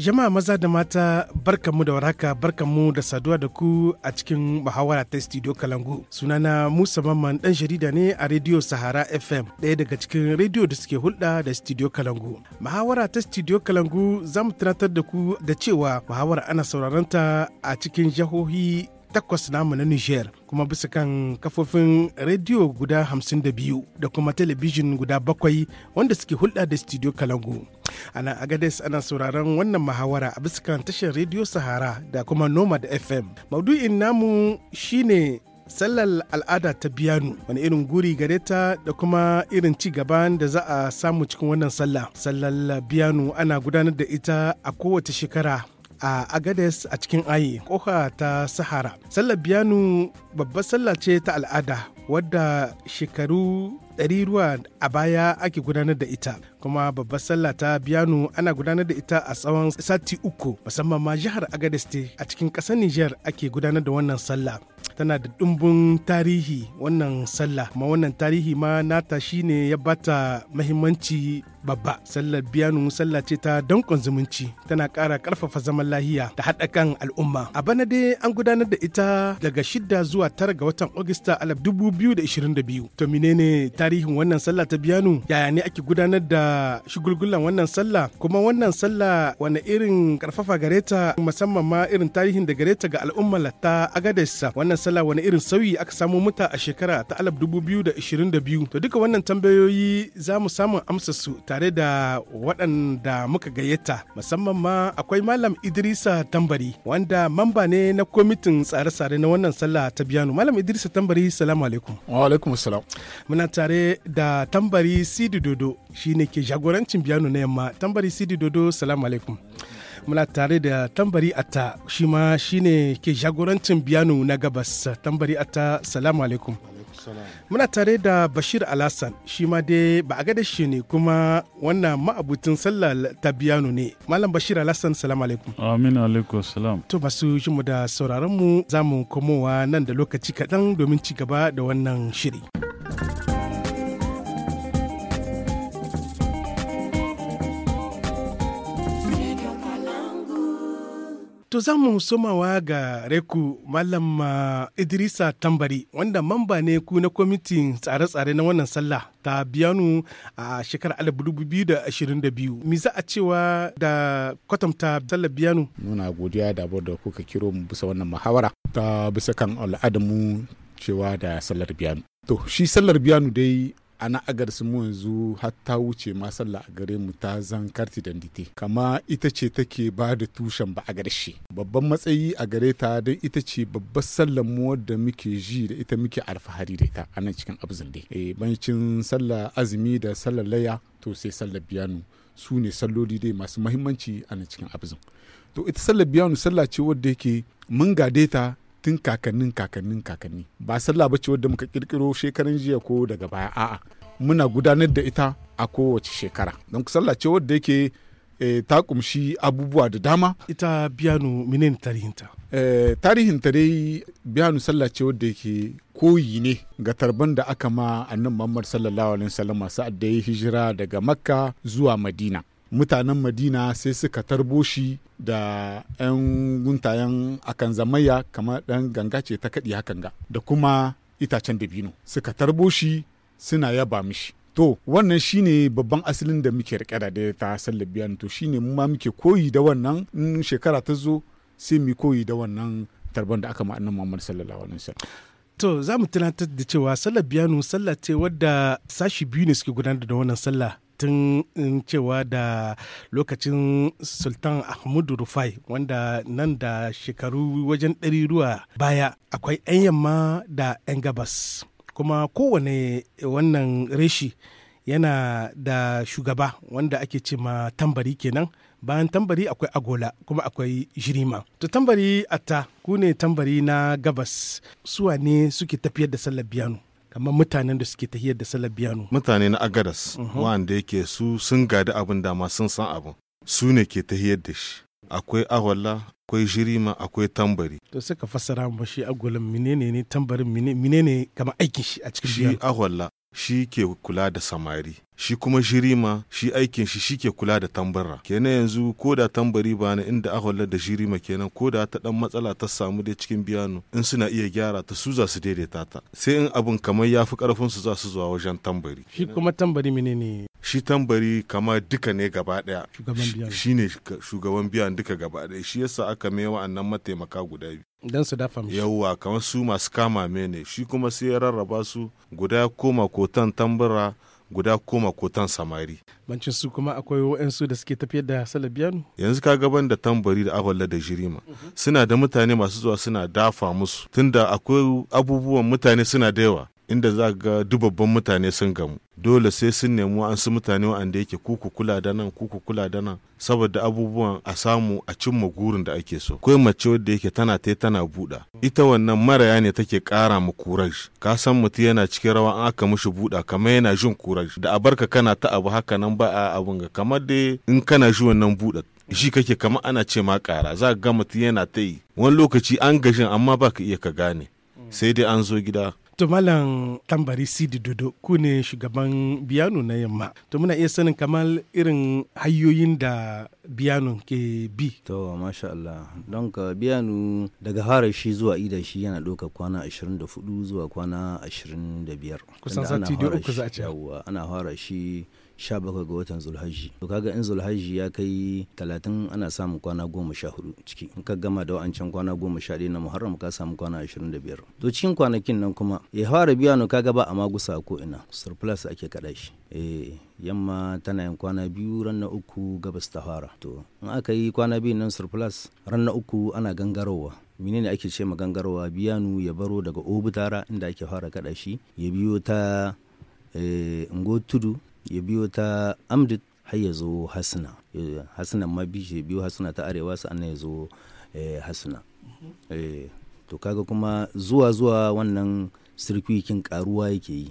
Jama'a maza da mata barka mu da warhaka mu da saduwa da ku a cikin muhawara ta studio Kalangu. Sunana Musa Mamman dan jarida ne a Radio Sahara FM ɗaya daga cikin rediyo da suke hulɗa da studio Kalangu. Muhawara ta studio Kalangu zamu mu tunatar da ku da cewa muhawara ana sauraron ta a cikin jihohi takwas namu na Niger kuma bisa kan kafofin rediyo guda hamsin da biyu da kuma telebijin guda bakwai wanda suke hulɗa da studio Kalangu. Ana Agades ana sauraron wannan muhawara a bisa kan tashar rediyo Sahara da kuma Nomad FM. Maudu'in namu shine sallar al'ada ta biyanu wani irin guri gare ta da kuma irin ci gaban da za a samu cikin wannan sallah sallar biyanu ana gudanar da ita a kowace shekara a agades a cikin ayi kofa ta sahara sallar biyanu babbar sallah ce ta al'ada wadda shekaru ruwa a baya ake gudanar da ita kuma babbar sallah ta biyanu ana gudanar da ita a tsawon sati uku musamman ma jihar agades a cikin ƙasar niger ake gudanar da wannan sallah tana da ɗumbin tarihi wannan sallah ma wannan tarihi ma nata shine ya bata mahimmanci babba sallar biyanu sallah ce ta dankon zumunci tana ƙara ƙarfafa zaman lahiya da haɗa kan al'umma a bana dai an gudanar da ita daga shida zuwa tara ga watan agusta alaf dubu biyu da ishirin da biyu to menene tarihin wannan sallah ta biyanu yaya ne ake gudanar da shigulgulan wannan sallah kuma wannan sallah wani irin ƙarfafa gare ta musamman ma irin tarihin da gare ta ga al'umma ta agadesa wannan sallah wani irin sauyi aka samo muta a shekara ta alaf dubu biyu da ishirin da biyu to duka wannan tambayoyi za mu samu amsa su tare da waɗanda muka gayyata musamman ma akwai Malam Idrisa Tambari wanda mamba ne na kwamitin tsare-tsare na wannan sallah ta biyano. Malam Idrisa Tambari salamu alaikum. Wa alaikum salam. Muna tare da Tambari Sidi Dodo shine ke jagorancin biyano na yamma. Tambari Sidi Dodo salamu alaikum. muna tare da tambari ata shi ma shine ke jagorancin biyano na gabas tambari ata salamu alaikum Muna tare da Bashir Alassan shi ma dai ba a gada shi ne kuma wannan ma'abutin sallar tabiyanu ne. Malam Bashir Alassan salamu alaikum. Amin alaikum salam. To masu mu da sauraron mu za mu komowa nan da lokaci kaɗan domin ci gaba da wannan shiri. To za mu somawa ga Reku Malam ah, Idrisa Tambari wanda mamba ne ku na kwamitin tsare-tsare na wannan sallah ta biyanu a shekarar 2022. Mi za a cewa da kwatanta sallar biyanu? Muna godiya da da kuka kiro mu bisa wannan muhawara ta bisa kan al'adamu cewa da sallar biyanu. To shi sallar biyanu dai Ana agar su yanzu har ta wuce ma sallah a gare mu ta zan karti dandite kama ita ce take ba da tushen ba a garshe babban matsayi a gare ta don ita ce babbar sallar mu wadda muke ji da ita muke alfahari da ita anan cikin abzin dai eh bancin sallar azumi da sallar laya to sai sallar biyanu su ne salloli dai masu mahimmanci a cikin abzin to ita sallar biyanu sallah ce wadda yake mun gade ta tun kakannin kakannin kakanni ba sallah ba ce wadda muka kirkiro shekaran jiya ko daga baya a'a muna gudanar da ita a kowace shekara don sallah ce wadda yake eh, ta kumshi abubuwa da dama ita biyanu menene tarihinta eh, Tarihin ta dai biyanu sallah ce wadda yake koyi ne ga tarban da aka ma annan muhammad sallallahu alaihi wasallam sa'ad da ya hijira daga makka zuwa madina mutanen madina sai suka tarbo shi da 'yan guntayen akan zamayya kamar ɗan ganga ce ta kaɗi hakan ga da kuma itacen dabino suka tarbo shi suna yaba mishi to wannan shine babban asalin da muke rike da da ta sallabiyan to shine mu ma muke koyi da wannan in shekara ta zo sai mu koyi da wannan tarban da aka ma'anar Muhammad sallallahu alaihi wasallam to za mu tunatar da cewa sallar biyanu sallah ce wadda sashi biyu ne suke gudanar da wannan sallah batun mm, cewa da lokacin sultan ahmudu rufai wanda nan da shekaru wajen ruwa. baya akwai 'yan yamma da 'yan gabas kuma kowane wannan reshi yana da shugaba wanda ake ce ma tambari kenan bayan tambari akwai agola kuma akwai jirima to tambari atta ku ne tambari na gabas suwa ne suke tafiyar da sallar biyanu kamar mutanen da suke tahiyar da salar biyano mutane na agadas mhm. wanda yake su sun gadi abin dama sun san abin su ne ke tahiyar da shi akwai awalla akwai jirima akwai tambari to suka fassara mu shi agwalin menene ne tambarin menene kamar aikin shi a cikin shi awalla shi ke kula da samari shi kuma shirima shi aikin shi shike kula da tambara kenan yanzu ko da tambari ba na inda aka da shirima kenan ko da ta dan matsala ta samu da cikin biyano in suna iya gyara ta su za su daidaita ta sai in abun kamar ya fi karfin su za su zuwa wajen tambari shi kuma tambari menene shi tambari kama duka ne gaba daya shi ne shugaban biyan duka gaba daya shi yasa aka mai wa'annan mataimaka guda biyu don su dafa mishi yawwa kamar su masu kama mene shi kuma sai ya rarraba su guda koma kotan tambara. guda koma kotan samari. Bancin su kuma akwai waɗansu da suke tafiyar da salabiyanu? Yanzu ka gaban da tambari da aballa da jirima. Suna da mutane masu zuwa suna dafa musu. Tunda akwai abubuwan mutane suna da yawa. inda za ga dubabban mutane sun gamu dole sai sun nemi an su mutane wanda yake kuku kula da nan kuku kula da nan saboda abubuwan a samu a cimma gurin da ake so kai mace wadda yake tana tai tana buɗa ita wannan maraya ne take ƙara mu kuraj ka san mutum yana cikin rawa an aka mishi buɗa kamar yana jin kuras. da abarka kana ta abu haka nan ba a abun ga kamar dai in kana ji wannan buɗa shi kake kamar ana ce ma ƙara za ga mutum yana ta yi wani lokaci an gashin amma ba ka iya ka gane sai dai an zo gida To Malam Tambari Sidi Dodo ku ne shugaban biyano na yamma. To muna iya sanin kamar irin hanyoyin da biyano ke bi. To masha Allah. Don ka biyano daga fara shi zuwa ida shi yana ɗauka kwana 24 zuwa kwana 25. Kusan sati da uku za a ce. Ana fara shi Sha bakwai ga watan zulhaji to kaga in zulhaji ya kai talatin ana samun kwana goma sha hudu ciki in ka gama da wancan kwana goma sha 11 na muharram ka samu kwana 25 to cikin kwanakin nan kuma ya fara biya no kaga ba a magusa ko ina surplus ake kaɗa shi eh yamma tana yin kwana biyu ran na uku gabas ta fara to in aka yi kwana biyu nan surplus ran na uku ana gangarowa menene ake ce ma gangarowa biyanu ya baro daga obutara inda ake fara kada shi ya biyo ta eh, ngo tudu ya biyo ta amdit har ya zo hasina eh, hasina ma bi shi biyo hasina ta arewa ana ya zo eh, hasina mhm. eh, to kaga kuma zuwa zuwa wannan sirkwikin karuwa yake yi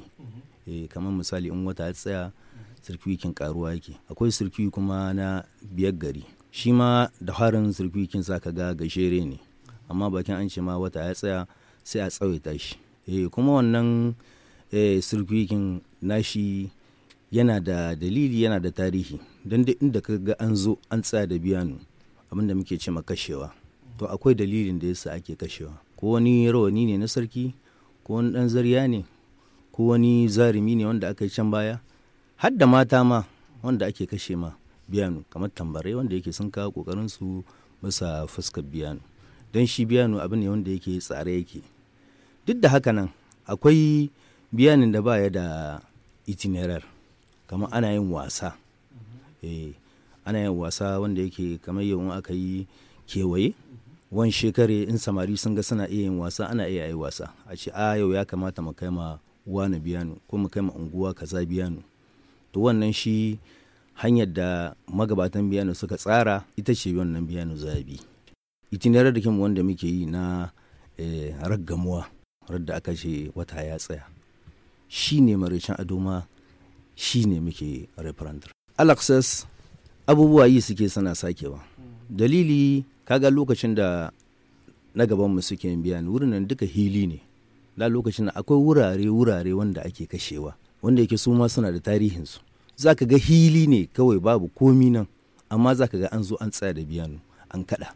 mhm. kamar misali in wata ya tsaya sirkwikin mhm. karuwa yake akwai sirkwi kuma na biyar gari shi ma da harin sirkwikin sa ka ga gashere ne amma bakin an ce ma wata ya tsaya sai a tsawaita shi kuma wannan sirkwikin nashi yana da dalili yana da tarihi don duk inda ka ga an zo an tsaya da biyanu abinda muke ce kashewa to akwai dalilin da yasa ake kashewa ko wani rawani ne na sarki ko wani dan zarya ne ko wani zarimi ne wanda aka yi can baya har da mata ma wanda ake kashe ma biyanu kamar tambarai wanda yake sun kawo kokarin su bisa fuskar biyanu don shi biyanu abu ne wanda yake tsare yake duk da haka nan akwai biyanin da ba ya da itinerar kamar ana yin wasa eh, ana yin wasa wanda yake kamar yau aka yi kewaye wani shekare in samari sun ga suna iya yin wasa ana iya yi wasa a ce a ah, yau ya kamata mu kai ma wani biyanu ko mu kai ma unguwa kaza biyanu to wannan shi hanyar da magabatan biyanu suka tsara ita ce wannan biyanu zabi itinerar da kyanmu wanda muke yi na eh, raggamuwa radda aka ce wata ya tsaya shi ne maraicin adoma shi ne muke referendum alexis abubuwa yi suke sana sakewa dalili kaga lokacin da na gabanmu suke biya ni wurin nan duka hili ne da lokacin da akwai wurare wurare wanda ake kashewa wanda yake su ma suna da tarihinsu za ka ga hili ne kawai babu komi nan amma za ka ga an zo an tsaya da biyanu an kaɗa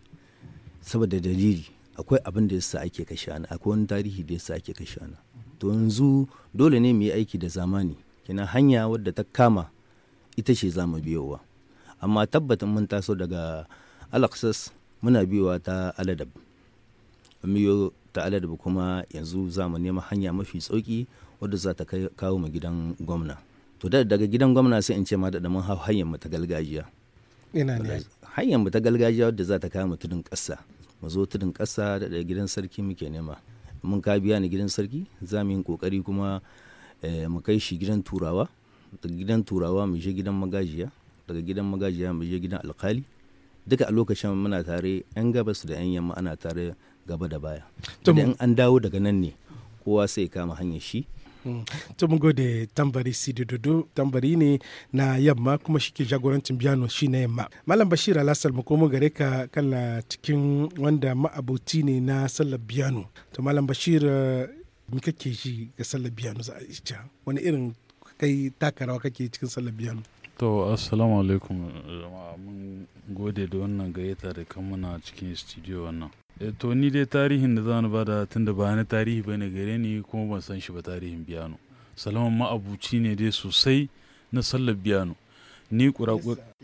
saboda dalili akwai abin da yasa ake kashe akwai wani tarihi da yasa ake kashe to yanzu dole ne mu yi aiki da zamani kina hanya wadda ta kama ita ce za mu biyowa amma tabbatin mun taso daga alaksas muna biyowa ta aladab biyo ta aladab kuma yanzu za mu nema hanya mafi sauki wadda za ta kawo mu gidan gwamna to da daga gidan gwamna sai in ce ma da mun hau hanyar mu ta gargajiya ina ne hanyar mu ta gargajiya wadda za ta kawo mu tudun ƙasa mu zo tudun ƙasa da gidan sarki muke nema mun ka biya ni gidan sarki za mu yi kokari kuma Eh, mu kai shi gidan turawa daga gidan turawa mu je gidan magajiya daga gidan magajiya mu je gidan alkali duka a lokacin muna tare yan gabas da yan yamma ana tare gaba da baya idan an dawo daga nan ne kowa sai kama hanyar shi hmm. to mun gode tambari sidi dodo tambari ne na yamma kuma shike jagorancin biyano shi na yamma malam bashir alasal mu gare ka kana cikin wanda ma'abuti ne na sallar biyano to malam bashir me kake shi ga sallar biyanu za a ita wani irin kai taka rawa kake cikin sallar biyanu to assalamu alaikum jama'a mun gode da wannan gayyata da kan muna cikin studio wannan eh, to ni dai tarihin da zan bada tun da ba tarihi bane gare ni kuma ban san shi ba tarihin biyano salaman ma'abuci ne dai sosai na sallar biyano ni kura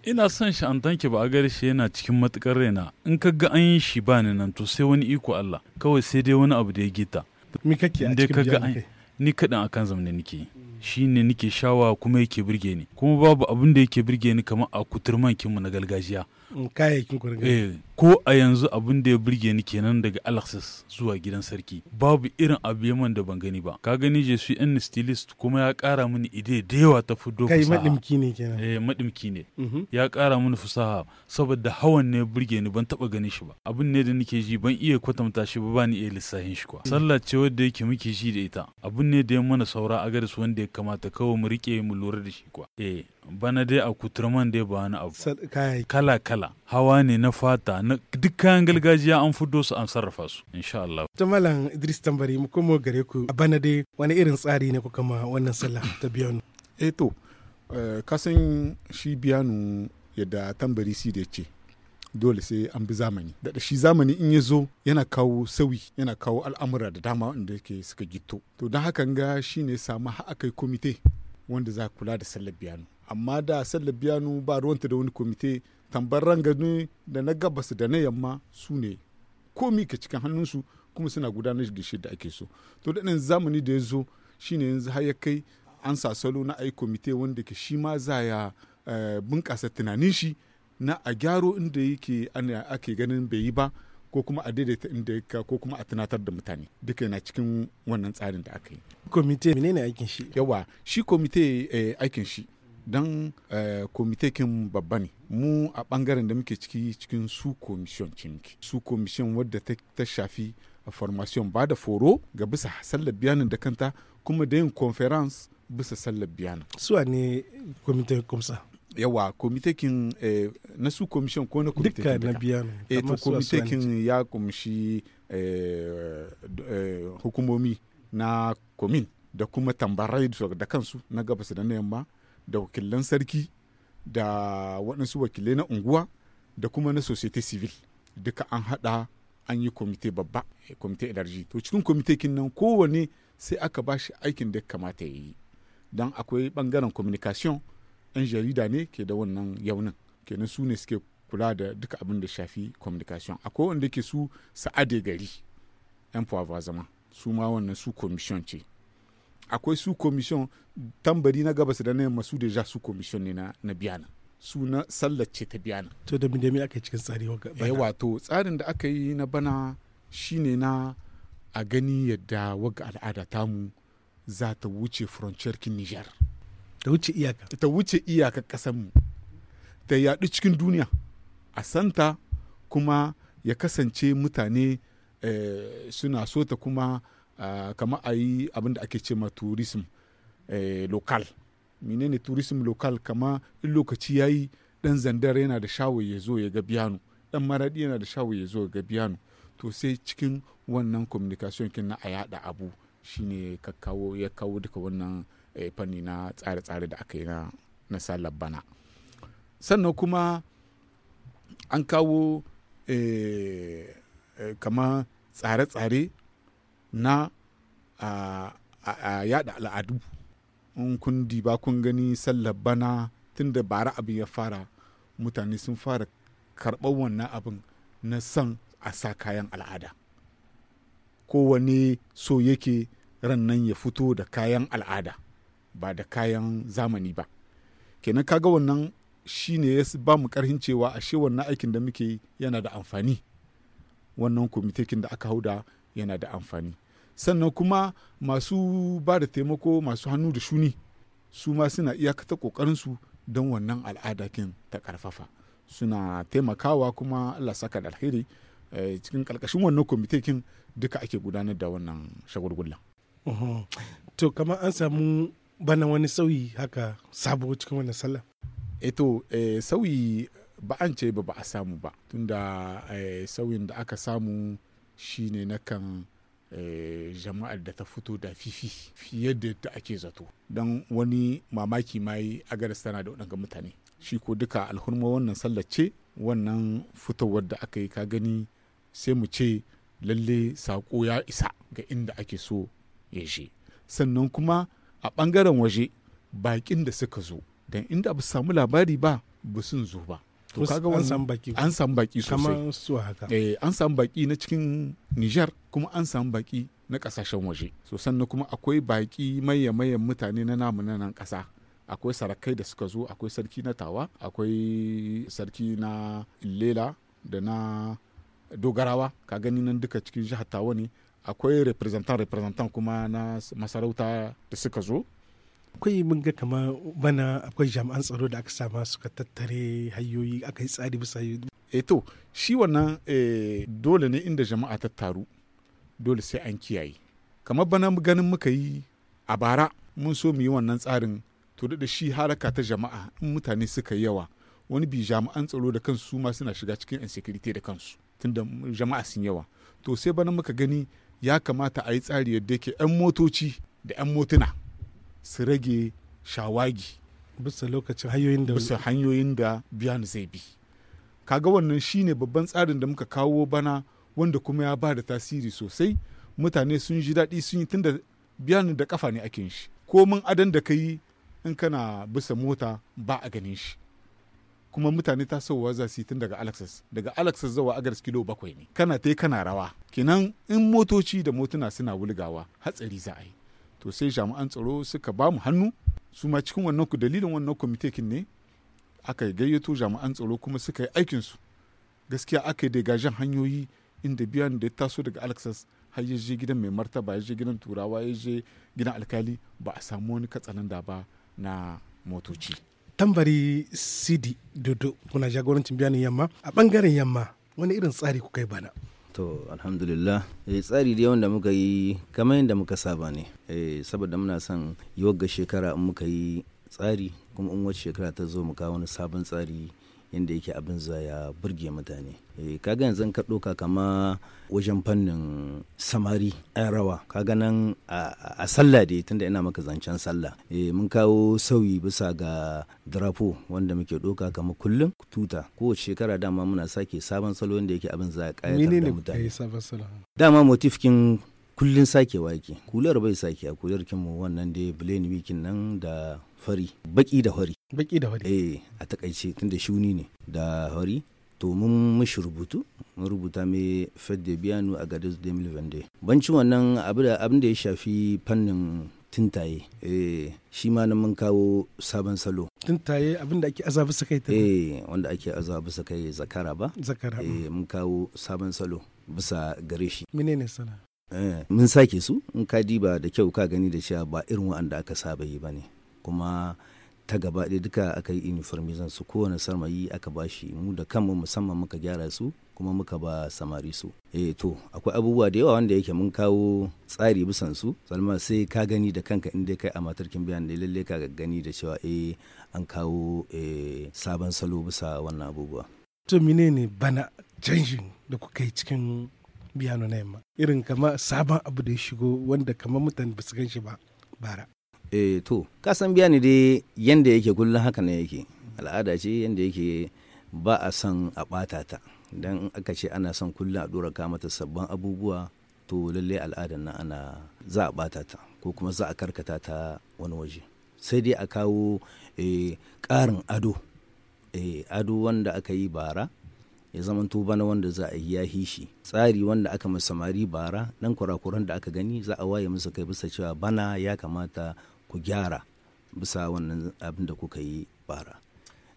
ina son shi an tanke ba a gare shi yana cikin matukar raina in ka ga an yi shi ba ni nan to sai wani iko Allah kawai sai dai wani abu da ya gita mi kake a cikin kaga ni kaɗan akan zamne nake shi ne nike shawa kuma yake birge ni kuma babu abin da yake birge ni kamar a kuturman kinmu na gargajiya kayayyakin ku eh ko a yanzu abin da ya burge ni kenan daga Alexis zuwa gidan sarki babu irin abu yaman da ban gani ba ka gani je su yan stylist kuma ya kara mini ide da yawa ta fudo kai madimki ne kenan eh madimki ne mhm. ya kara mini fusaha saboda hawan ne burge ni ban taba ganin shi ba abin ne da nake ji ban iya kwatanta shi ba bani iya lissahin shi kwa sallah ce wanda yake muke ji da ita abin ne da ya mana saura a garis wanda ya kamata kawai mu rike mu lura da shi kwa eh bana dai a kuturman dai ba wani abu kala kala kala hawa ne na fata na duk kayan gargajiya an fito su an sarrafa su insha Allah jamalan Idris Tambari mu komo gare ku a bana dai wani irin tsari ne kuka ma wannan sallah ta biyan eh to eh, kasan shi biyanu yadda tambari si da ce dole sai an bi zamani da shi zamani in ya zo yana kawo sauyi yana kawo al'amura da dama wanda yake suka gito to don haka ga shi ne samu akai komite wanda za kula da sallar biyanu amma da sallar biyanu ba ruwanta da wani komite tambar rangani da na gabas da na yamma su ne komi ka cikin hannunsu kuma suna gudanar da shi da ake so to da zamani da ya zo shine yanzu har ya kai an sa salo na ai komite wanda ke shi ma za ya eh, bunƙasa tunanin shi na a gyaro inda yake ake ganin bai yi ba ko kuma a daidaita inda ka ko kuma a tunatar da mutane duka yana cikin wannan tsarin da aka yi komite menene aikin shi yawa shi komite eh, aikin shi don eh, komite kin babba ne mu a bangaren da muke ciki cikin su komishiyon ciniki su komishiyon wadda ta shafi formation ba da foro ga bisa sallar biyanin da kanta kuma da yin conference bisa sallar biyanin suwa ne komite kumsa yawa komitekin eh, kin na su komishin ko na komitekin kin na biya eh, to komitekin ya kumshi eh, hukumomi na komin da kuma tambarai da kansu na gabas da na yamma da wakilan sarki da waɗansu wakilai na unguwa da kuma na society civil duka an haɗa an yi kwamite babba eh, kwamite energy to cikin kwamite kin nan kowane sai aka ba shi aikin da kamata ya yi don akwai ɓangaren communication yan jarida ne ke da wannan yaunin kenan su ne suke kula da duka abin da shafi communication akwai wanda ke su sa'ade gari yan zama su ma wannan su commission ce akwai su commission tambari na gabas da na yamma su deja su commission ne na biyana su na sallace ta biyana to da aka yi cikin tsari eh, wato tsarin da aka yi na bana shine na a gani yadda waga al'ada ta mu za ta wuce kin Niger ta wuce iyaka ta wuce iyaka mu ta yaɗu cikin duniya a santa kuma ya kasance mutane eh, suna so ta kuma Ah, kama a yi abin da ake ce ma tourism eh, local menene tourism local kama in lokaci ya yi dan zandar yana da shawo ya zo ya ga biyano dan maradi yana da shawo ya zo ya ga biyano to sai cikin wannan communication kin na a yada abu shine ka kawo ya kawo duka wannan eh, fanni na tsare-tsare da aka yi na na sallar bana sannan kuma an kawo eh, kama tsare-tsare na a, a, yada al'adu in kun diba kun gani sallar bana tunda bara abin ya fara mutane sun fara karɓar wannan abin na san a sa kayan al'ada kowane so yake ran nan ya fito da kayan al'ada ba da kayan zamani ba kenan kaga wannan shi ne ya ba mu karhin cewa ashe wannan aikin da muke yana da amfani wannan kwamitekin da aka hau da. yana da amfani sannan kuma masu ba da taimako masu hannu da shuni su ma suna iyakata su don wannan al'adakin ta karfafa suna taimakawa kuma allah saka da alheri eh, cikin ƙarƙashin wannan kwamitekin duka ake gudanar da wannan shagulgullan to kamar an samu bana wani sauyi haka sabo cikin wannan sallah eto eh eh, sauyi ba an ce ba ba a samu ba tunda sauyin da aka samu shine na kan eh, jama'ar da ta fito da fifi fiye da yadda ake zato don wani mamaki ma yi agaras tana da waɗanga mutane shi ko duka alhurma wannan sallace wannan fitowar da aka yi ka gani sai mu ce lalle sako ya isa ga inda ake so ya je sannan kuma a ɓangaren waje baƙin da suka zo don inda ba su samu labari ba ba sun zo ba to kaga an baki an san baki sosai su haka eh an san baki na cikin Niger kuma an san baki na kasashen waje so sannan kuma akwai baki maye mayan mutane na namu na nan kasa akwai sarakai da suka zo akwai sarki na tawa akwai sarki na lela da na dogarawa ka gani nan duka cikin jihar tawa ne akwai representant representant kuma na masarauta da suka zo akwai mun ga kamar bana akwai jami'an tsaro da aka sama suka tattare hanyoyi aka yi tsari bisa e to shi wannan eh, dole ne inda jama'a ta taru dole sai an kiyaye kamar bana ganin muka yi a bara mun so mu yi wannan tsarin to da shi haraka ta jama'a in mutane suka yi yawa wani bi jami'an tsaro da kansu ma suna shiga cikin insecurity da kansu tunda jama'a sun yawa to sai bana muka gani ya kamata a yi tsari yadda yake 'yan motoci da 'yan motuna su rage shawagi bisa lokacin hanyoyin da bisa hanyoyin da biyan zai bi kaga wannan shine babban tsarin da muka kawo bana wanda kuma ya ba da tasiri sosai mutane sun ji daɗi sun yi tunda biyan da kafa ne ake shi mun adan da ka in kana bisa mota ba a ganin shi kuma mutane ta tasowa za su yi tun daga alexis daga alexis zawa agaris kilo bakwai ne kana tai kana rawa kenan in motoci da motuna suna wulgawa hatsari za a yi to sai jami'an tsaro suka ba mu hannu su ma cikin wannan ku dalilin wannan kwamitekin ne aka gayyato jami'an tsaro kuma suka yi aikin su gaskiya aka yi degajen hanyoyi inda biyan da ya taso daga alexas har ya je gidan mai martaba ya je gidan turawa ya je gidan alkali ba a samu wani katsalanda ba na motoci tambari sidi dodo kuna jagorancin biyanin yamma a bangaren yamma wani irin tsari kuka yi bana to alhamdulillah eh, tsari da yawan da muka yi kamar yadda muka saba ne eh, saboda muna son ga shekara in muka yi tsari kuma in wata shekara ta zo mu kawo wani sabon tsari inda yake abin za ya burge mutane eh, kaga yanzu ka ɗauka kama wajen fannin samari yan rawa kaga nan a sallah dai tunda ina maka zancen sallah eh, mun kawo sauyi bisa ga drapo wanda muke ɗauka kama kullum tuta ko shekara dama muna sake sabon salo wanda yake abin za ya ƙayatar da mutane dama motifkin kullun sakewa yake kular bai sake a kular kinmu wannan dai blaine wikin nan da fari baki da hori baki da hori eh a takaice tunda shuni ne da hori to mun mishi rubutu mun rubuta mai fed de biyanu a gadis 2022 bancin wannan abin da ya shafi fannin tintaye eh shi ma nan mun kawo sabon salo tintaye abin da ake azabu bisa kai eh wanda ake azabu bisa kai zakara ba zakara eh mun kawo sabon salo bisa gare shi menene sana eh, mun sake su in ka diba da kyau ka gani da cewa ba irin wa'anda aka saba yi ba ne kuma ta gaba ɗaya duka aka yi uniformizan su kowane samayi aka ba shi mu da kanmu musamman muka gyara su kuma muka ba samari su eh to akwai abubuwa da yawa wanda yake mun kawo tsari bisan su salma sai ka gani da kanka inda kai a matarkin biyan da lalle ka gani da cewa eh an kawo eh, sabon salo bisa wannan abubuwa to menene bana canjin da kuka yi cikin biyano na yamma irin kama sabon abu da ya shigo wanda kamar mutane ba su gan shi ba bara eh to kasan biya ni dai yanda yake kullum haka ne yake al'ada ce yanda yake ba a son a ɓata ta idan aka ce ana son kullum a ɗora ka mata sabbin abubuwa to lalle al'adar na ana za a ɓata ta ko kuma za a karkata ta wani waje sai dai a kawo eh, ƙarin ado eh, ado wanda aka yi bara ya zama bana wanda za a yi ya hishi tsari wanda aka samari bara ɗan kurakuran da aka gani za a waye musu kai bisa cewa bana ya kamata ku gyara bisa wannan abin da kuka yi bara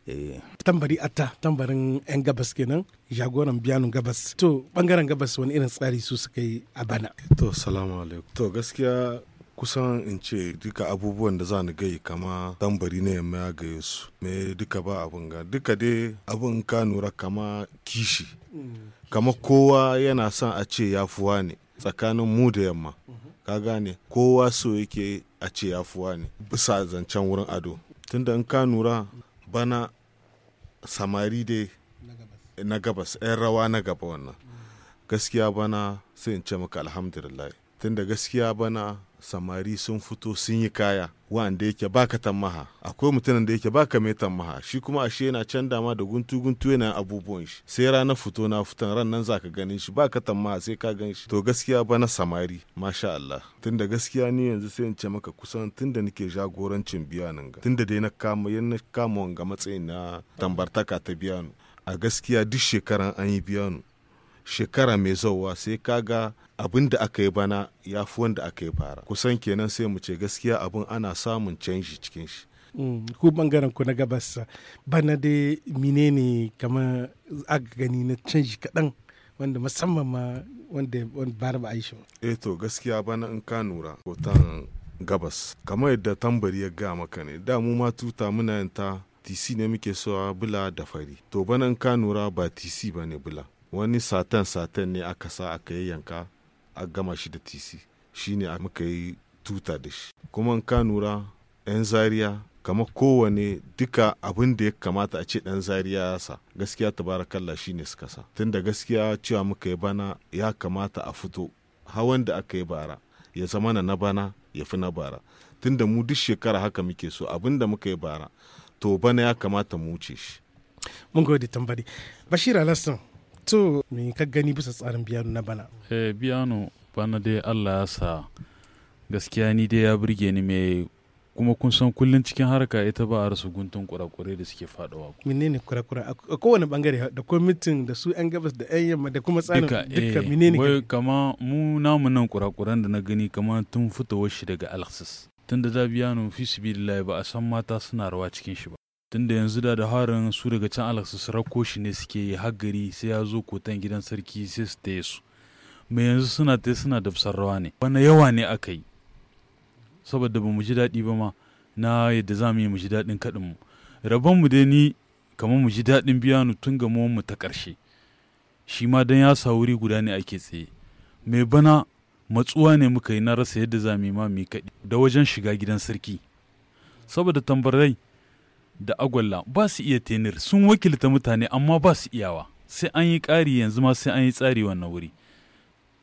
eh, tambari atta tambarin 'yan gabas kenan jagoran biyanun gabas to bangaren gabas wani irin tsari su suka yi a bana to salamu alaikum to gaskiya kusan in ce duka abubuwan da za ni gai kama tambari ne yamma ya gaye su me duka ba abin ga duka dai abin ka nura kama kishi mm. kama kowa yana son a ce ya fuwa ne tsakanin mu da yamma mm-hmm. ka gane kowa so yake a ce ya fuwa ne bisa zancen wurin ado tunda in ka nura bana samari dai na gabas 'yan rawa na gaba wannan gaskiya bana sai in ce maka alhamdulillah tun da gaskiya bana samari sun fito sun yi kaya wanda yake baka tammaha akwai mutumin da yake baka mai tammaha shi kuma ashe yana can dama da guntu guntu yana abubuwan shi sai rana fito na fitan ran nan zaka ganin shi baka tammaha sai ka gan shi to gaskiya bana samari masha Allah tun da gaskiya ni yanzu sai in ce maka kusan tun da nake jagorancin nan ga da dai na kama yana kama wanga matsayin na tambartaka ta biyanu a gaskiya duk shekaran an yi biyanu shekara mai zauwa sai kaga abin da aka yi bana ya fi wanda aka yi fara kusan kenan sai mu ce gaskiya abin ana samun canji cikin shi mm, ku bangaren ku na gabas bana da mine ne kamar aka gani na canji kaɗan wanda musamman ma wanda bara ba a eh to gaskiya bana in ka nura hoton gabas kamar yadda tambari ya ga maka ne da mu ma tuta muna yanta tisi tc ne muke sawa bula da fari to bana in ka nura ba tc ba ne bula wani satan satan ne aka sa aka yanka a gama shi da tisi shine muka yi tuta da shi kuma ka nura 'yan zariya kama kowane duka abin da ya kamata a ce dan zariya ya sa gaskiya tabarakallah ne suka sa tunda gaskiya cewa muka yi bana ya kamata a fito hawan da aka yi bara ya zama na bana ya fi na bara tunda mu duk shekara haka muke so abin da muka yi bara to bana ya kamata mu wuce shi mun gode tambari bashir alhassan to me ka gani bisa tsarin biyano na bana eh biyano bana dai Allah ya sa gaskiya ni dai ya burge ni me kuma kun san kullum cikin harka ita ba a rasu guntun kurakurai da suke faɗawa. menene kurakurai a kowane bangare da kwamitin da su yan gabas da yan yamma da kuma tsarin duka eh, menene wai kama mu namu nan kurakuran da na gani kama tun fitowar shi daga alexis tun da zabiyanu fi su ba a san mata suna rawa cikin shi ba tunda yanzu da da harin su daga can alaksu sarako shi ne suke yi haggari sai ya zo kotan gidan sarki sai su taye su mai yanzu suna taya suna da rawa ne wani yawa ne aka yi saboda ba mu ji daɗi ba ma na yadda za mu yi mu ji daɗin kaɗin mu rabon mu dai ni kamar mu ji daɗin biyanu tun ga mu ta ƙarshe shi ma dan ya wuri guda ne ake tsaye mai bana matsuwa ne muka yi na rasa yadda za mu yi ma mu kaɗi da wajen shiga gidan sarki saboda tambarai da agwalla ba su iya tenir sun wakilta mutane amma ba su iyawa sai an yi ƙari yanzu ma sai an yi tsari wannan wuri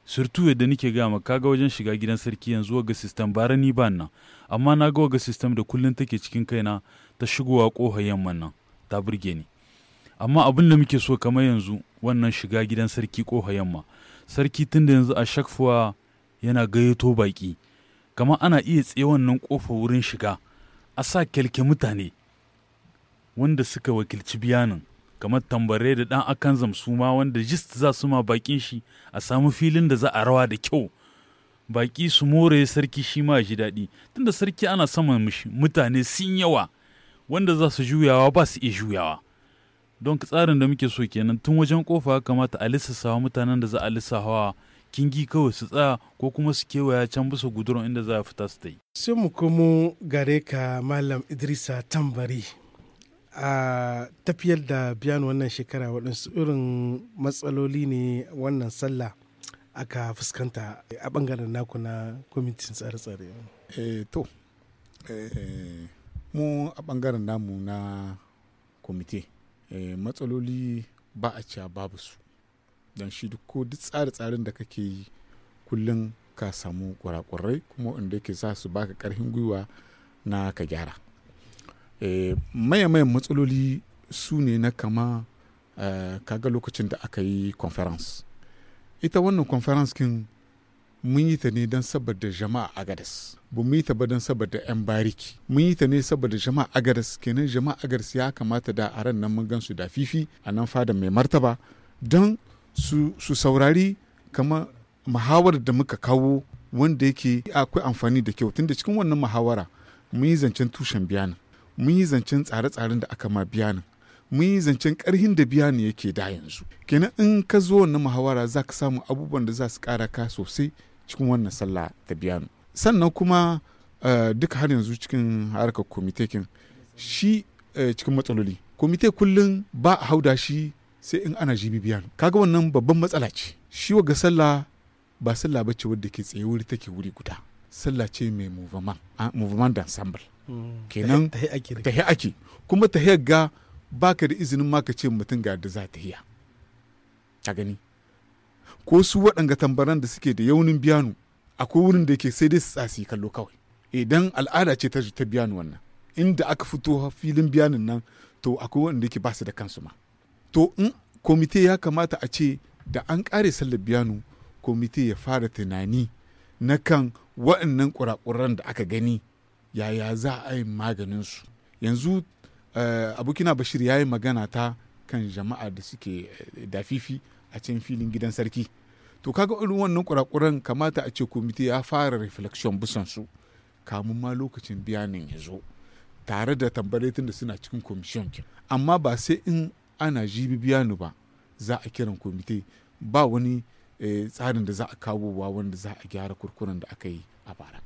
surtu yadda nake gama kaga wajen shiga gidan sarki yanzu ga sistem bara ni ba nan amma na ga waga sistem da kullum take cikin kaina ta shigowa ƙoha yamman nan ta burge ni amma abin da muke so kamar yanzu wannan shiga gidan sarki ƙoha yamma sarki tun da yanzu a shakfuwa yana gayyato baƙi kamar ana iya tsaye wannan ƙofa wurin shiga a sa kyalke mutane wanda suka wakilci biyanin kamar tambare da dan akan zamsu ma wanda jist za su ma bakin shi a samu filin da za a rawa da kyau baki su more sarki shi ma ji daɗi tunda sarki ana saman mutane sun yawa wanda za su juyawa ba su iya juyawa don tsarin da muke so kenan tun wajen kofa ya kamata a lissafa mutanen da za a lissafa kingi kawai su tsaya ko kuma su kewaya can bisa guduron inda za a fita su ta yi. Sai mu komo gare ka Malam Idrisa Tambari. a tafiyar da biyan wannan shekara waɗansu irin matsaloli ne wannan sallah aka fuskanta a ɓangaren naku na kwamitin tsare-tsare eh, to eh, mu a ɓangaren namu na kwamiti eh, matsaloli ba a cewa babu su don shi duk ko duk tsare-tsaren da kake yi kullum ka samu kurakurai kuma inda ke sa su baka karfin gwiwa na ka gyara Eh, mayan matsaloli su ne na kama eh, kaga lokacin da aka yi conference ita wannan conference kin mun yi ta ne don saboda jama'a agadas ba mu yi ta ba don saboda 'yan bariki mun yi ta ne saboda jama'a agadas kenan jama'a agadas ya kamata da a ran nan mun gan su da fifi a nan fada mai martaba don su, saurari kama muhawar da muka kawo wanda yake akwai amfani da kyau tun da cikin wannan muhawara mun yi zancen tushen biyanin mun yi zancen tsare-tsaren da aka ma biyanin mun yi zancen karhin da biya biyanin yake da yanzu kenan in ka zo wannan muhawara za ka samu abubuwan da za su kara ka sosai cikin wannan sallah da biyanin sannan kuma eh, duka har yanzu cikin harkar komitekin shi eh, cikin matsaloli komite kullum ba a hauda shi sai in ana jibi biyan kaga wannan babban matsala ce shi wa ga sallah ba sallah bace wadda ke tsaye wuri take wuri guda sallah ce mai movement ah, movement ensemble kenan yi ake kuma tahiyar ga ba ka da izinin ma ka ce mutum ga da za ta yi a gani ko su waɗanga tambaran da suke da yaunin biyanu akwai wurin da ke sai dai su tsasi kallo kawai idan eh, al'ada ce ta ta biyanu wannan inda aka fito filin biyanin nan to akwai waɗanda ke ba su da kansu ma to in komite ya kamata a ce da an ƙare sallar biyanu komite ya fara tunani na kan waɗannan kurakuran da aka gani yaya za a yi su yanzu uh, abokina bashir ya yi magana ta kan jama'a da suke eh, dafifi a cikin filin gidan sarki to kaga irin wannan kurakuran kamata a ce komite ya fara reflection bisan su kamun ma lokacin biyanin ya zo tare da tambaretin da suna cikin commission amma ba sai in ana jibi biyanu ba za a kiran komiti ba wani eh, tsarin da za a kawo ba wanda za a gyara kurkuren da aka yi a bara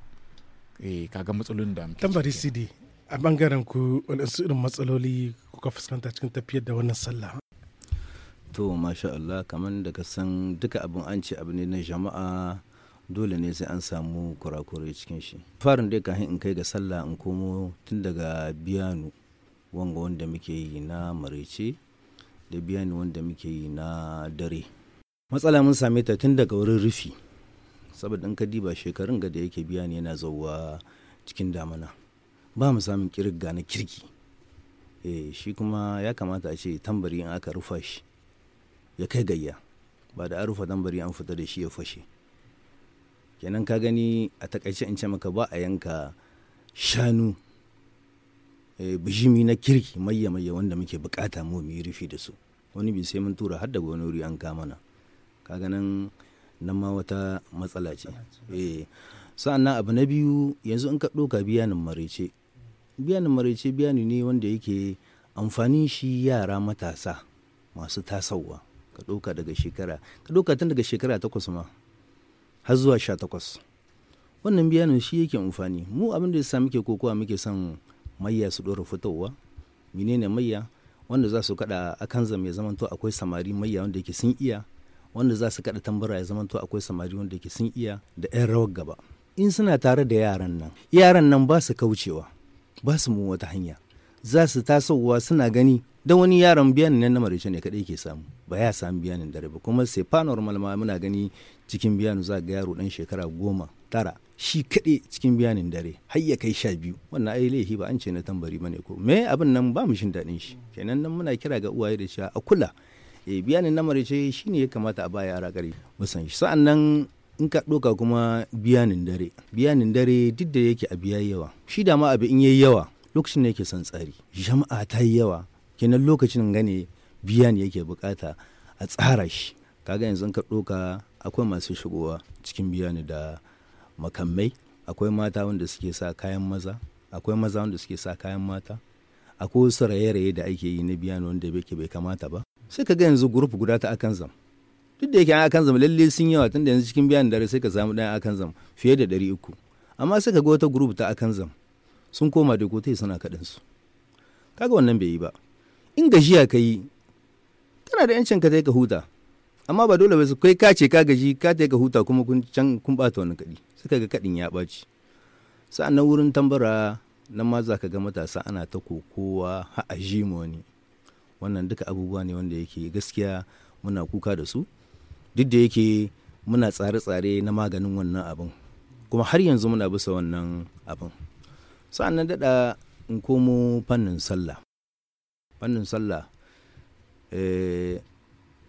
Eh, kaga matsalolin da muke tambari cd a bangaren ku wadansu irin matsaloli kuka fuskanta cikin tafiyar da wannan sallah to masha Allah kamar da ka san duka abin an ce abu ne na jama'a dole ne sai an samu kurakurai cikin shi farin dai kahin in kai ga sallah in komo tun daga biyanu wanga wanda muke yi na marice da biyanu wanda muke yi na dare matsala mun same ta tun daga wurin rufi saboda in ka diba shekarun ga da yake biya ne yana zauwa cikin damana ba mu samun kirga na kirki eh shi kuma ya kamata a ce tambari in aka rufa shi ya kai gayya ba da an rufa tambari an fita da shi ya fashe kenan ka gani a takaice in ce maka ba a yanka shanu eh, bijimi na kirki mayya mayya wanda muke bukata mu mu rufi da su wani bi sai mun tura har da wani wuri an kama na ka ganin nan ma wata matsala ce sa'an eh, sa'annan abu na biyu yanzu in ka ɗoka biyanin marece biyanin marece biyani ne wanda yake amfanin shi yara matasa masu tasawa ka ɗoka daga shekara ka ɗoka tun daga shekara takwas ma har zuwa sha takwas wannan biyanin shi yake amfani mu abin da ya sa muke kokowa muke son mayya su ɗora fitowa menene mayya wanda za su kaɗa a ya zama zamanto akwai samari mayya wanda yake sun iya wanda za su kaɗa tambara ya zamanto akwai samari wanda ke sun iya da 'yan rawar gaba in suna tare da yaran nan yaran nan ba su kaucewa ba su mun wata hanya za su tasowa suna gani da wani yaron biyanin nan na marice ne kaɗai ke samu ba ya samu biyanin dare ba kuma sai fa normal ma muna gani cikin biyanu za ga yaro dan shekara goma tara shi kaɗai cikin biyanin dare har ya kai sha biyu wannan ai laihi ba an ce na tambari ba ne ko me abin nan ba mu shin daɗin shi kenan nan muna kira ga uwaye da cewa a kula e biyanin na shi ne ya kamata a ba yara ƙarfi musan shi sa'an nan in ka ɗoka kuma biyanin dare biyanin dare duk da yake a biya yawa shi da ma abu in yayi yawa lokacin da yake son tsari jama'a ta yi yawa kenan lokacin gane ne yake bukata a tsara shi kaga yanzu ka ɗoka akwai masu shigowa cikin biyani da makamai akwai mata wanda suke sa kayan maza akwai maza wanda suke sa kayan mata akwai wasu raye-raye da ake yi na biyan wanda ke bai kamata ba sai ka ga yanzu gurup guda ta akan zam duk da yake an akan zam lalle sun yawa tunda yanzu cikin biyan dare sai ka samu ɗaya akan zam fiye da ɗari uku amma sai ka ga wata gurup ta akan zam sun koma da gotai suna kaɗan su kaga wannan bai yi ba in gajiya ka yi kana da yancin ka ka huta amma ba dole ba su kai kace ka gaji ka ta ka huta kuma kun can kun bata wani kaɗi ka ga kaɗin ya ɓaci sa'annan wurin tambara nan ma za ka ga matasa ana ta kokowa ha'a jimoni wannan duka abubuwa ne wanda yake gaskiya muna kuka da su duk da yake muna tsare-tsare na maganin wannan abin kuma har yanzu muna bisa wannan abin sa'an nan daɗa in komo fannin sallah fannin sallah eh,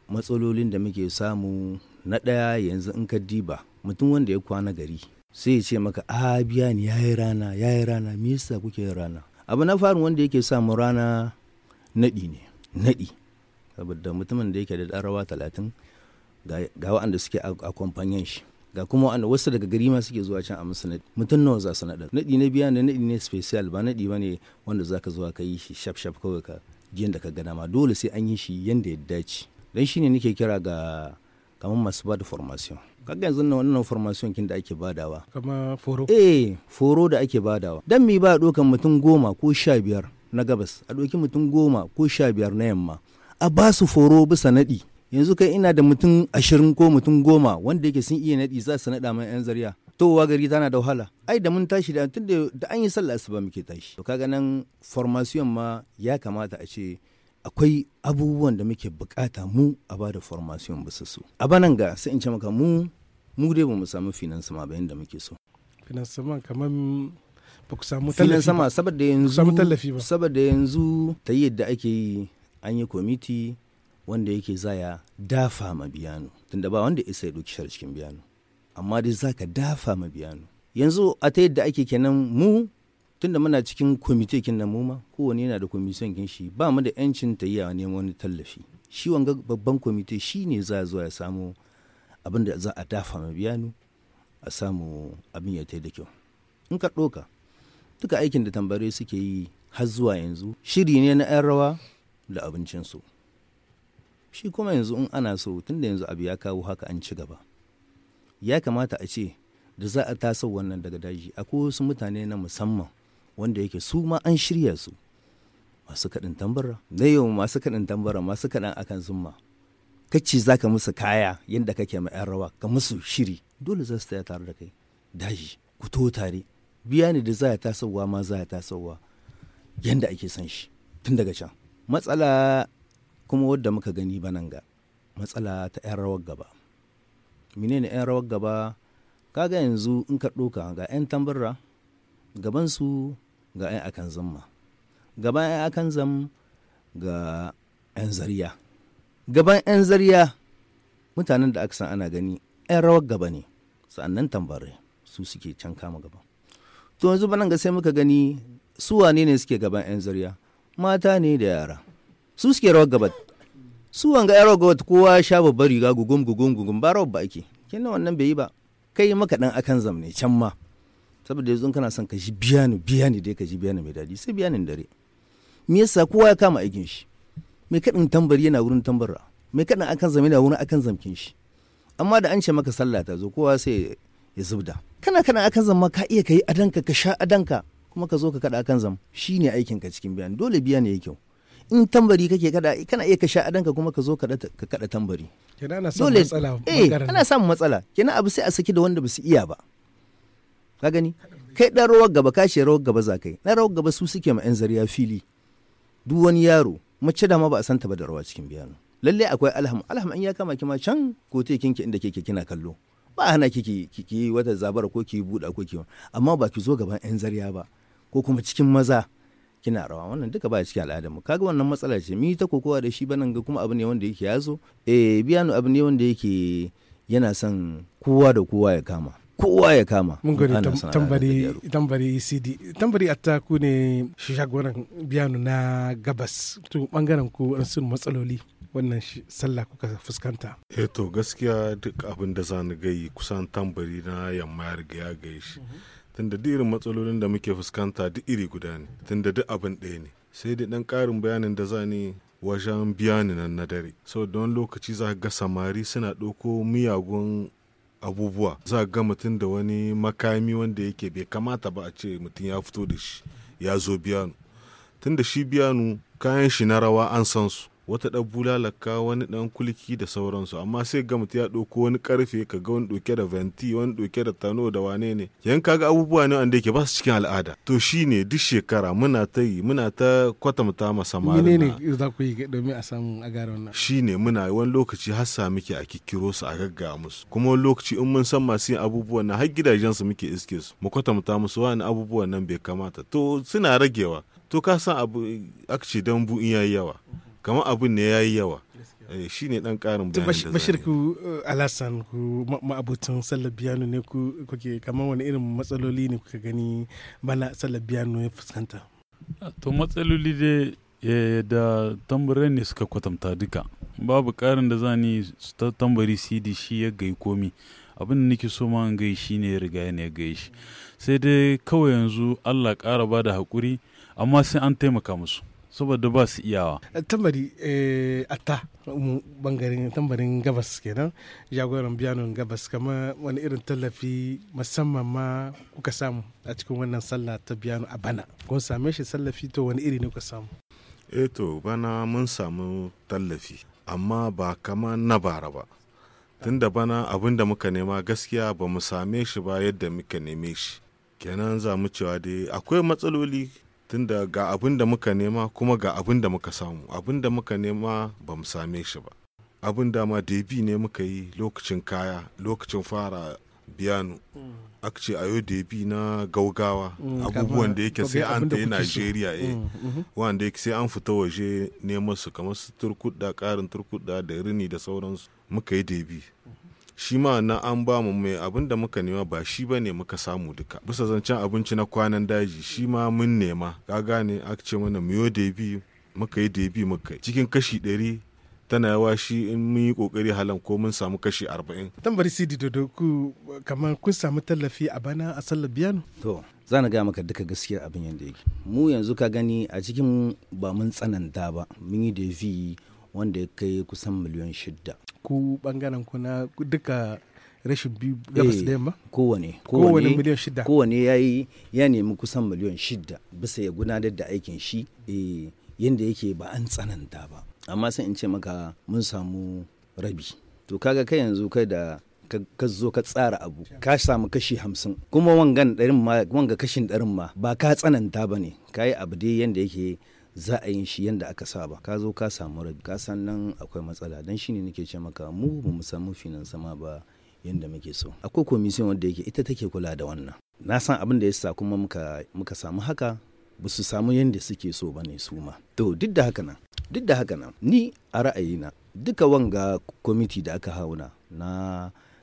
matsalolin da muke samu na ɗaya yanzu in ka diba mutum wanda ya kwana gari sai ya ce maka a biya ni yi rana ya yi rana mista yasa kuke rana abu na farin wanda yake samu rana naɗi ne naɗi saboda mutumin da yake da ɗan rawa talatin ga waɗanda suke a kwamfanyan shi ga kuma waɗanda wasu daga gari ma suke zuwa can a musu naɗi mutum nawa za su naɗa naɗi na biya ne naɗi ne special ba naɗi ba ne wanda za ka zuwa ka yi shi shaf shaf kawai ka jiyan da ka gana ma dole sai an yi shi yanda ya dace don shine nake kira ga kamar masu ba da formation kaga yanzu na wannan formation kin da ake badawa kama foro eh foro da ake badawa dan mi ba dokan mutum goma ko sha biyar na gabas a doki mutum goma ko sha biyar na yamma a ba su foro bisa naɗi yanzu kai ina da mutum ashirin ko mutum goma wanda yake sun iya naɗi za su nada mai yan zariya towa gari tana da wahala ai da mun tashi da tun da an yi sallah asuba muke tashi to kaga nan formation ma ya kamata a ce akwai abubuwan da muke bukata mu a bada formation bisa su a banan ga sai in ce maka mu mu dai ba mu samu finansama ba yadda muke so finansaman kamar ba ku samu tallafi finansama saboda yanzu samu tallafi ba saboda yanzu ta yadda ake yi an yi komiti wanda yake zaya dafa ma biyano tunda ba wanda isa ya ɗauki shar cikin biyano amma dai zaka dafa ma biyano yanzu a ta yadda ake kenan mu tunda muna cikin kwamite kin na ma. kowane yana da kwamitin kin shi ba mu da yancin ta yi a neman wani tallafi shi wanga babban kwamite shi ne za a zo ya samu abin da za a dafa ma biyanu a samu abin ya ta da kyau in ka ɗoka duka aikin da tambare suke yi har zuwa yanzu shiri ne na 'yan rawa da abincinsu shi kuma yanzu in ana so tunda yanzu abu ya kawo haka an ci gaba ya kamata a ce da za a tasar wannan daga daji akwai wasu mutane na musamman wanda yake su ma an shirya su masu kaɗin tambara na yau masu kaɗin tambara masu kaɗin akan Ka kacci za ka musu kaya yadda kake ma 'yan rawa ka musu shiri dole za su taya tare da kai daji ku to tare biya ne da za ya tasowa ma za ya tasowa yadda ake son shi tun daga can matsala kuma wadda muka gani banan ga matsala ta 'yan rawar gaba menene 'yan rawar gaba kaga yanzu in ka ɗoka ga 'yan tambarra gabansu ga 'yan akan zamma gaban 'yan akan zam ga 'yan zariya gaban 'yan zariya mutanen da aka san ana gani 'yan rawar gaba ne sa'annan tambare su suke can kama gaba to yanzu nan ga sai muka gani su wane ne suke gaban 'yan zariya mata ne da yara su suke rawar gaba su wanga yaro gaba wata kowa sha babbar riga gugum gugum gugum ba rawar ba ake kenan wannan bai yi ba kai maka dan akan ne can ma saboda yanzu kana son ka ji biya ni dai ka ji ni mai daɗi sai ni dare me yasa kowa ya kama aikin shi mai kaɗin tambari yana wurin tambara mai kaɗin akan zame yana wurin akan zamkin shi amma da an ce maka sallah ta zo kowa sai ya zubda kana kana akan ma ka iya kai adanka ka sha adanka kuma ka zo ka kada akan zam shine aikin ka cikin biya dole biya ne yake in tambari kake kada kana iya ka sha adanka kuma ka zo ka kada tambari kenan ana samun matsala eh ana samun matsala kenan abu sai a saki da wanda ba su iya ba ka gani kai dan rawar gaba ka shi rawar gaba za kai dan rawar gaba su suke ma yan zariya fili duk wani yaro mace da ma ba a santa ba da rawa cikin biyano lalle akwai alham alham an ya kama ki ma can ko te kinki inda kike kina kallo ba hana kiki kiki wata zabara ko ki buɗa ko ki amma ba ki zo gaban yan zariya ba ko kuma cikin maza kina rawa wannan duka ba cikin al'adar mu kaga wannan matsala ce mi ta kokowa da shi banan ga kuma abu ne wanda yake yazo eh biyano abu ne wanda yake yana son kowa da kowa ya kama kowa ya kama mun gani tambari cd tambari atta ku ne shagoran biyanu na gabas to bangaren ku sun matsaloli wannan sallah kuka fuskanta eh to gaskiya duk abin da zani gai kusan tambari na yamma ya riga ya gai shi mhm. tunda duk irin matsalolin da muke fuskanta duk iri guda ne tunda duk abin ɗaya ne sai da dan ƙarin bayanin da zani wajen biyanin na dare so don lokaci za ga samari suna ɗauko miyagun abubuwa za ga mutum da wani makami wanda yake bai kamata ba a ce mutum ya fito da shi ya zo biyanu tun da shi biyanu kayan shi na rawa an san su wata ɗan bulalaka wani ɗan kulki da sauransu amma sai ga mutum ya ɗauko wani karfe ka ga wani ɗauke da venti wani ɗauke da tano da wane ne yan kaga abubuwa ne wanda yake ba su cikin al'ada to shine duk shekara muna ta yi muna ta kwatamta ma samarin ne ne za ku yi domin a samu a gara wannan shine muna wani lokaci har sa muke a kikkiro su a gagga musu kuma wani lokaci in mun san masu yin abubuwan nan har gidajensu muke iske su mu kwatamta musu wani abubuwan nan bai kamata to suna ragewa to ka san abu akci dambu in yayi yawa kama abin ne ya yi yawa eh, shi ne dan karin bayan da bashir ku eh, alasan ku ma'abutan ne ku kuke kamar wani irin matsaloli ne kuka gani bana sallar ya fuskanta to matsaloli dai eh, da tambarai ne suka kwatanta duka babu karin da zani ta tambari cd shi ya gai komi abin da nake so ma gai shi ne riga ne gai shi sai dai kawai yanzu allah ƙara ba da haƙuri amma sai an taimaka musu saboda ba su iyawa eh, tambari eh, ta bangaren tambarin gabas kenan jagoran biyanon gabas kama wani irin tallafi musamman ma kuka samu a cikin wannan sallah ta biyano a bana kun same shi tallafi to wani iri ne kuka samu eto eh to bana mun samu tallafi amma ba kama na bara ba tun da bana abin da muka nema gaskiya ba mu same shi ba yadda muka neme shi kenan za mu cewa dai akwai matsaloli tunda ga abin da muka nema kuma ga abin da muka samu abin da muka nema ba mu same shi ba abin da ma debi ne muka yi lokacin kaya lokacin fara biyanu mm. aka ce ayo debi na gaugawa mm, abubuwan da yake sai an ta yi nigeria eh mm, mhm. wanda yake sai an fita waje neman su kamar su turkuda karin turkuda da rini da sauransu muka yi debi shi ma na an ba mu mai abin da muka nema ba shi ba ne muka samu duka bisa zancen abinci na kwanan daji shi ma mun nema ka gane a ce mana miyo bi muka yi da bi muka cikin kashi ɗari tana yawa shi in mun yi kokari halan ko mun samu kashi arba'in. tambari sidi dodo ku kamar kun samu tallafi a bana a sallar biyano. to za na gaya maka duka gaskiyar abin yadda yake mu yanzu ka gani a cikin ba mun tsananta ba mun yi da wanda ya kai kusan miliyan shidda ku bangaren ku na duka rashin biyu eh, gabas da yamma kowane kowane miliyan shidda kowane ya yi ya nemi kusan miliyan shidda bisa ya gudanar da aikin shi eh, yadda yake ba an tsananta ba amma sai in ce maka mun samu rabi to kaga kai yanzu kai da ka zo ka tsara abu ka samu kashi hamsin kuma wanga kashin ɗarin ma ba ka tsananta ba ne ka yi abu dai yadda yake za a yi shi yadda aka saba ka zo ka samu rabi ka san nan akwai matsala dan shine nake ce maka mu ba mu samu finan sama ba yadda muke so akwai komisiyon wanda yake ita take kula da wannan na san abin da ya sa kuma muka, muka samu haka ba su samu yadda suke so ba ne su ma to duk da haka nan duk da haka nan ni a ra'ayina duka wanga kwamiti da aka hauna na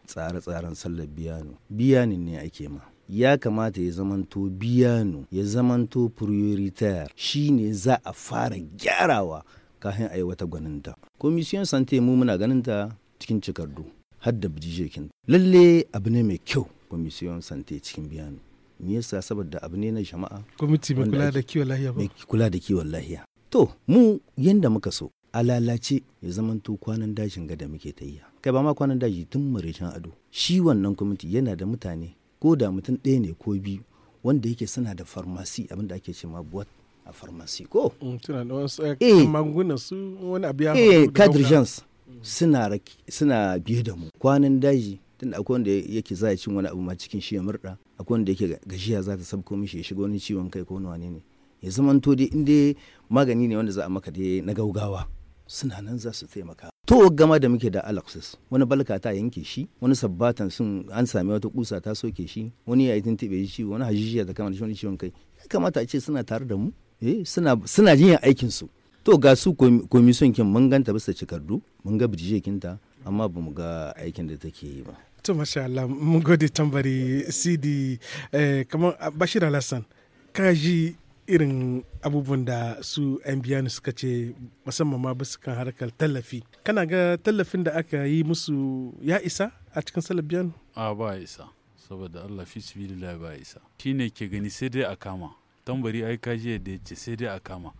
tsare-tsaren sallar biyanu biyanin ne ake ma ya kamata ya zamanto biyano ya zamanto prioritaire shine za a fara gyarawa kafin a yi wata gwaninta komisiyon sante mu muna ganinta cikin cikardu har da bijijekin lalle abu ne mai kyau komisiyon sante cikin biyano me yasa saboda abu ne na jama'a kwamiti mai kula da kiwon lahiya ba. da kiwon lahiya to mu yanda muka so a lalace ya zamanto kwanan dajin gada muke ta yi kai ba ma kwanan daji tun marishin ado shi wannan kwamiti yana da mutane ko da mutum ɗaya ne ko biyu wanda yake suna da farmasi abinda ake ce ma buwat a farmasi ko mm, suna da wasu eh, eh. magunguna wani abu ya eh suna biye da mu kwanan daji tunda akwai wanda yake za cin wani abu ma cikin shi ya murda akwai wanda yake gajiya za ta sabko mishi ya shiga wani ciwon kai ko wani ne ya zamanto dai in dai magani ne wanda za a maka dai na gaugawa suna nan za su taimaka to gama da muke da alexis wani balka ta yanke shi wani sabbatan sun an sami wata kusa ta soke shi wani ya yi tuntuɓe shi wani hajjiya ta kama da shi ciwon kai ya kamata a ce suna tare da mu eh suna suna jin su to ga su komison kin mun ganta bisa cikardu mun ga kinta amma ba mu ga aikin da take yi ba to masha Allah mun gode tambari sidi eh, kamar Bashir Alhassan ka ji irin abubuwan da su 'yan biyanu suka ce musamman ma bisa kan harkar tallafi kana ga tallafin da aka yi musu ya isa a cikin salar biyanu a ba isa saboda allah fi sibilila ba isa shi ne ke gani sai dai a kama tambari ai je da ce sai dai a kama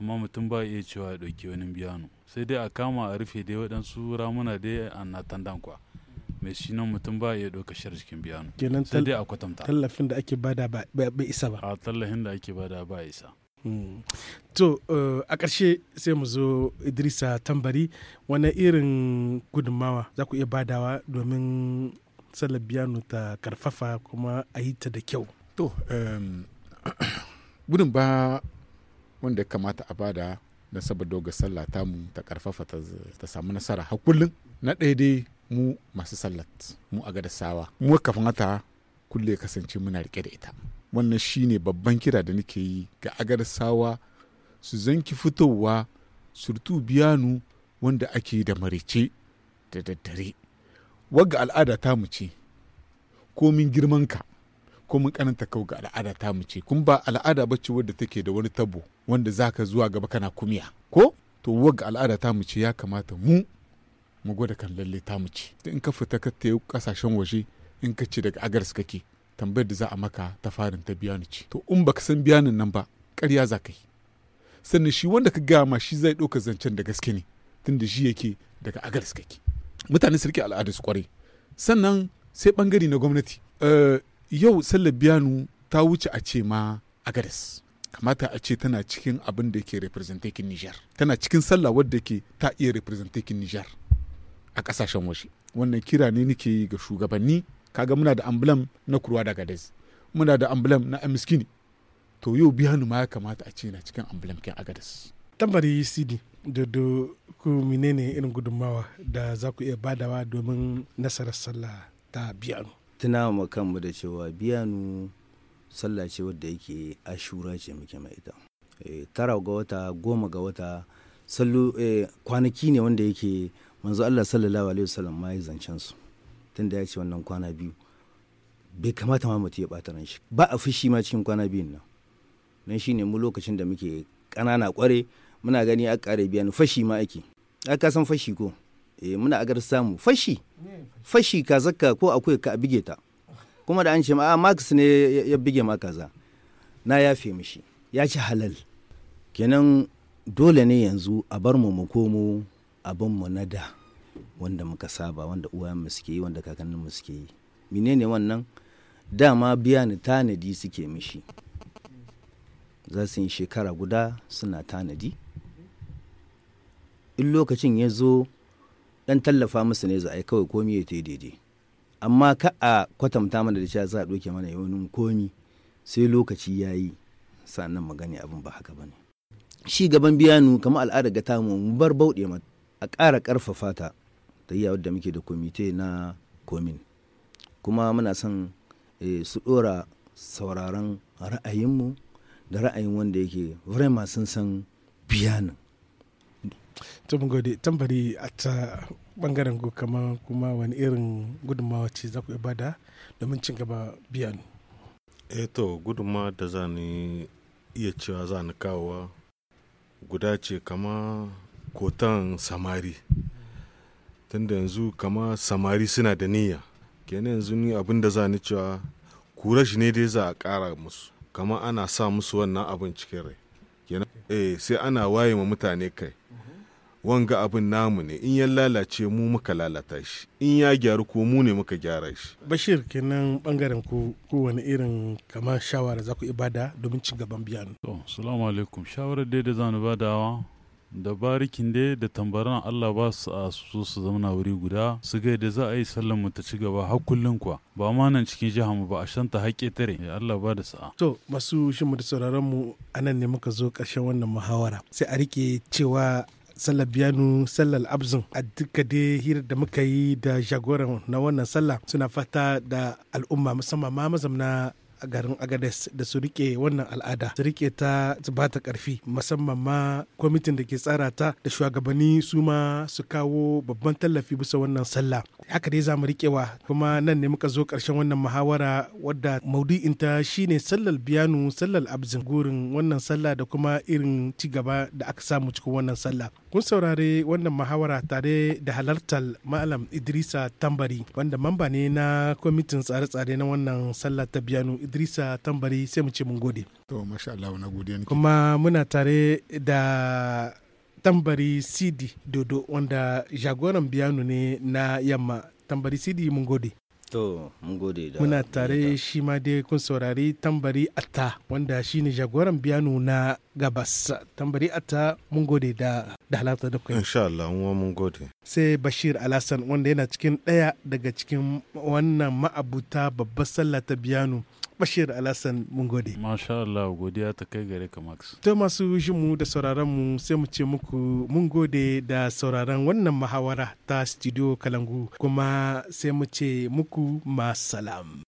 amma mutum ba iya cewa ya ɗauki wani biyanu sai dai a kama a rufe dai waɗansu ramuna dai a natan dankwa mai shi nan mutum ba ya doka shi cikin biyano kenan sai dai a kwatanta tallafin da ake bada ba isa ba a tallafin da ake bada ba isa hmm. to eh, a ƙarshe sai mu zo idrisa tambari wani irin gudunmawa za ku iya badawa domin tsallar biyano ta karfafa kuma a yi ta da kyau to gudun ba wanda ya kamata a bada na saboda ga sallah tamu ta karfafa ta samu nasara har kullum na ɗaya dai mu masu sallat mu a gadasawa mu kafin mata kulle kasance muna rike da ita wannan shine babban kira da nake yi ga agadasawa su zanki fitowa surtu biyanu wanda ake da marice da daddare wagga al'ada ta mu ce ka ko min kananta kau ga al'ada ta mu ce kun ba al'ada bace wadda take da wani tabo wanda zaka zuwa gaba kana kumiya ko to wagga al'ada ta mu ce ya kamata mu mu gwada kan lalle ta mu ci in ka fita ka tayi kasashen waje in ka ci daga agars kake tambayar da za a maka ta farin ta biyanu ci to in baka san biyanin nan ba karya za ka yi sannan shi wanda ka gaya ma shi zai ɗauka zancen da gaske ne tunda shi yake daga agars kake mutane su rike al'adar su kware sannan sai bangare na gwamnati eh, yau sallar biyanu ta wuce a ce ma agares kamata a ce tana cikin abin da ke representakin nijar tana cikin sallah wadda ke ta iya representakin nijar a kasashen waje wannan kira ne nake yi ga shugabanni kaga muna da ambulan na kurwa daga des muna da ambulan na amiskini to yau bihanu ma ya kamata a ce na cikin ambulam kin agadis. tambari sidi dodo ku menene irin gudummawa da za ku iya badawa domin nasarar sallah ta biyanu tuna ma kanmu da cewa biyanu sallah ce wadda yake ashura ce muke mai ita eh, tara ga wata goma ga wata sallu eh, kwanaki ne wanda yake manzo Allah sallallahu alaihi wasallam ma ya zancen su tunda ya ce wannan kwana biyu bai kamata ma mutum ya bata ran shi ba a fushi ma cikin kwana biyun nan nan shine mu lokacin da muke ƙanana kware muna gani a ƙare biyan fashi ma ake a ka san fashi ko eh muna agar samu fashi fashi ka zakka ko akwai ka bige ta kuma da an ce ma a ah, max ne ya bige ma kaza na yafe mishi ya ci halal kenan dole ne yanzu a bar mu mu komo mu na da wanda muka saba wanda uwayenmu suke yi wanda mu suke yi menene wannan dama biya ni tanadi suke mishi za su yi shekara guda suna tanadi in lokacin ya zo dan tallafa musu ne za a yi kawai komi ya ta yi daidai amma ka a kwatanta mana da cewa za a ɗauke mana yawanin komi sai lokaci ya yi sannan magani abin ba haka ba ne shi gaban biyanu kamar al'adar ga tamu mu bar bauɗe mata a ƙara ƙarfafa ta ta yi da muke da komite na komin kuma muna son eh, su ɗora sauraron ra'ayinmu da ra'ayin wanda yake wurin sun san biyanin to gode tambari a ta bangaren ku kama kuma wani irin gudunmawa ce za ku iya bada domin cin gaba biyan eto eh to da za ni iya cewa za ni kawowa guda ce kama kotan samari tunda yanzu kama samari suna da niyya kenan yanzu ni abin da za ni cewa kura shi ne dai za a kara musu kama ana sa musu wannan abin cikin rai kenan eh sai ana waye ma mutane kai wanga abin namu ne in ya lalace mu muka lalata shi in ya gyaru ko mu ne muka gyara shi bashir kenan bangaren ku wani irin kamar shawara za ku ibada domin ci gaban biyan to assalamu alaikum shawarar dai da za ni badawa da barikin dai da tambaran Allah ba su a su su zauna wuri guda su ga da za a yi sallan mu ta ci gaba har kullun kuwa ba ma nan cikin jiha mu ba a shanta haƙe tare ya Allah ba da sa'a to masu shin mu da sauraron mu anan ne muka zo ƙarshen wannan muhawara sai a rike cewa sallar biyanu sallar abzin a duka dai hira da muka yi da jagoran na wannan sallah suna fata da al'umma musamman ma mazamna a garin agades da su rike wannan al'ada su rike ta su ba ta karfi musamman ma kwamitin da ke tsara ta da shugabanni su ma su kawo babban tallafi bisa wannan sallah haka dai zamu wa kuma nan ne muka zo ƙarshen wannan muhawara wadda maudu'inta shine sallal biyanu sallal abzin gurin wannan sallah da kuma irin ci gaba da aka samu cikin wannan sallah kun saurare wannan muhawara tare da halartar malam idrisa tambari wanda mamba ne na kwamitin tsare-tsare na wannan sallah ta biyanu idrisa tambari sai mu ce mun gode to masha na gode kuma muna tare da tambari sidi dodo wanda jagoran biyanu ne na yamma tambari sidi mun gode to mun gode da muna tare shi ma dai kun saurari tambari atta wanda shine jagoran biyanu na gabas tambari atta mun gode da da halarta da kai insha Allah mun gode sai Bashir Alasan wanda yana cikin daya daga cikin wannan ma'abuta babbar sallah ta biyanu Bashir alasan mun gode. Masha Allah godiya ta kai gare ka Max. To masu mu da sauraron mu sai mu ce muku mun gode da sauraron wannan muhawara ta Studio Kalangu kuma sai mu ce muku masalam.